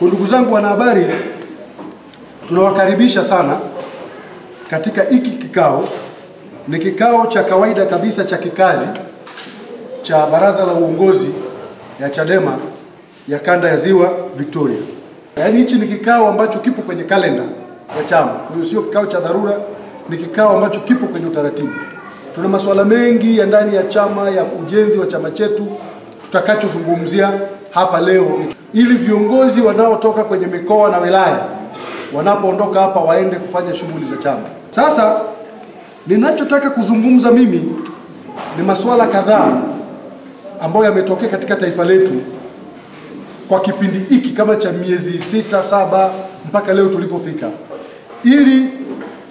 Ndugu zangu wanahabari, tunawakaribisha sana katika hiki kikao. Ni kikao cha kawaida kabisa cha kikazi cha baraza la uongozi ya Chadema ya kanda ya Ziwa Victoria. Yaani hichi ni kikao ambacho kipo kwenye kalenda ya chama, kwa hiyo sio kikao cha dharura, ni kikao ambacho kipo kwenye utaratibu. Tuna masuala mengi ya ndani ya chama, ya ujenzi wa chama chetu, tutakachozungumzia hapa leo, ili viongozi wanaotoka kwenye mikoa na wilaya wanapoondoka hapa waende kufanya shughuli za chama. Sasa ninachotaka kuzungumza mimi ni masuala kadhaa ambayo yametokea katika taifa letu kwa kipindi hiki kama cha miezi sita saba mpaka leo tulipofika, ili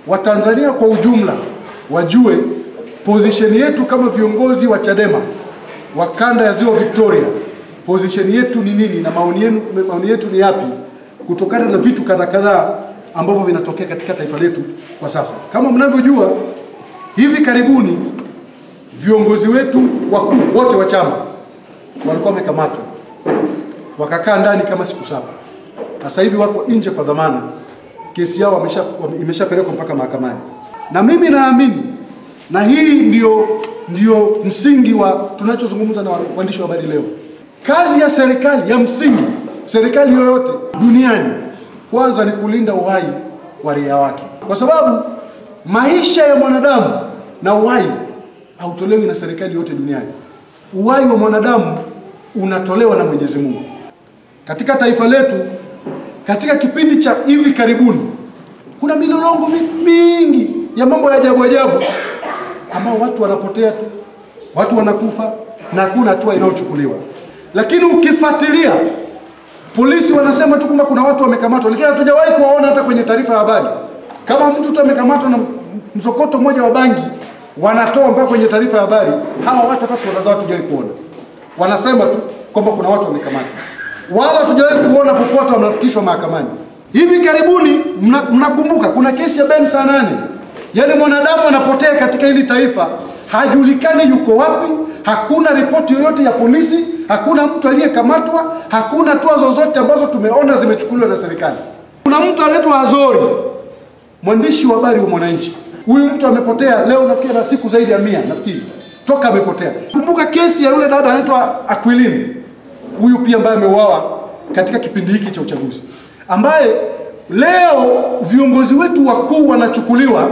Watanzania kwa ujumla wajue pozisheni yetu kama viongozi wa Chadema wa kanda ya Ziwa Victoria, position yetu ni nini na maoni yenu, maoni yetu ni yapi, kutokana na vitu kadha kadhaa ambavyo vinatokea katika taifa letu kwa sasa. Kama mnavyojua, hivi karibuni viongozi wetu wakuu wote wa chama walikuwa wamekamatwa, wakakaa ndani kama siku saba. Sasa hivi wako nje kwa dhamana, kesi yao imeshapelekwa mpaka mahakamani, na mimi naamini na hii ndio ndio msingi wa tunachozungumza na waandishi wa habari leo. Kazi ya serikali ya msingi, serikali yoyote duniani, kwanza ni kulinda uhai wa raia wake, kwa sababu maisha ya mwanadamu na uhai hautolewi na serikali yote duniani. Uhai wa mwanadamu unatolewa na Mwenyezi Mungu. Katika taifa letu, katika kipindi cha hivi karibuni, kuna milolongo mingi ya mambo ya ajabu ajabu ambao watu wanapotea tu, watu wanakufa na hakuna hatua inayochukuliwa. Lakini ukifuatilia polisi wanasema tu kwamba kuna watu wamekamatwa, lakini hatujawahi kuwaona hata kwenye taarifa ya habari. Kama mtu tu amekamatwa na msokoto mmoja wa bangi, wanatoa mpaka kwenye taarifa ya habari. Hawa watu hata sura zao hatujawahi kuona, wanasema tu kwamba kuna watu wamekamatwa, wala hatujawahi kuona popote wanafikishwa mahakamani. Hivi karibuni mnakumbuka, mna kuna kesi ya Ben Sanane Yaani mwanadamu anapotea katika hili taifa, hajulikani yuko wapi, hakuna ripoti yoyote ya polisi, hakuna mtu aliyekamatwa, hakuna hatua zozote ambazo tumeona zimechukuliwa na serikali. Kuna mtu anaitwa Azori, mwandishi wa habari wa Mwananchi. Huyu mtu amepotea leo, nafikiri na siku zaidi ya mia, nafikiri toka amepotea. Kumbuka kesi ya yule dada anaitwa aquilin huyu pia ambaye ameuawa katika kipindi hiki cha uchaguzi, ambaye leo viongozi wetu wakuu wanachukuliwa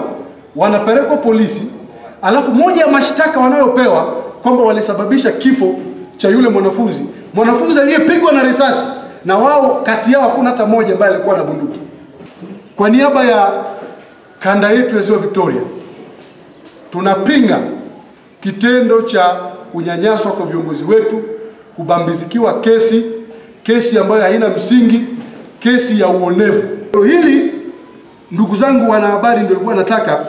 wanapelekwa polisi, alafu moja ya mashtaka wanayopewa kwamba walisababisha kifo cha yule mwanafunzi, mwanafunzi aliyepigwa na risasi, na wao kati yao hakuna hata mmoja ambaye alikuwa na bunduki. Kwa niaba ya kanda yetu ya Ziwa Victoria, tunapinga kitendo cha kunyanyaswa kwa viongozi wetu, kubambizikiwa kesi, kesi ambayo haina msingi, kesi ya uonevu. Hili ndugu zangu wanahabari, ndio likuwa nataka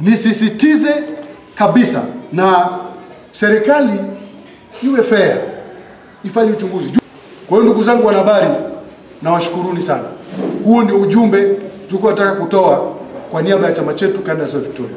nisisitize kabisa na serikali iwe fair, ifanye uchunguzi. Kwa hiyo ndugu zangu wanahabari, nawashukuruni sana. Huo ndio ujumbe tulikuwa nataka kutoa kwa niaba ya chama chetu kanda ya Victoria.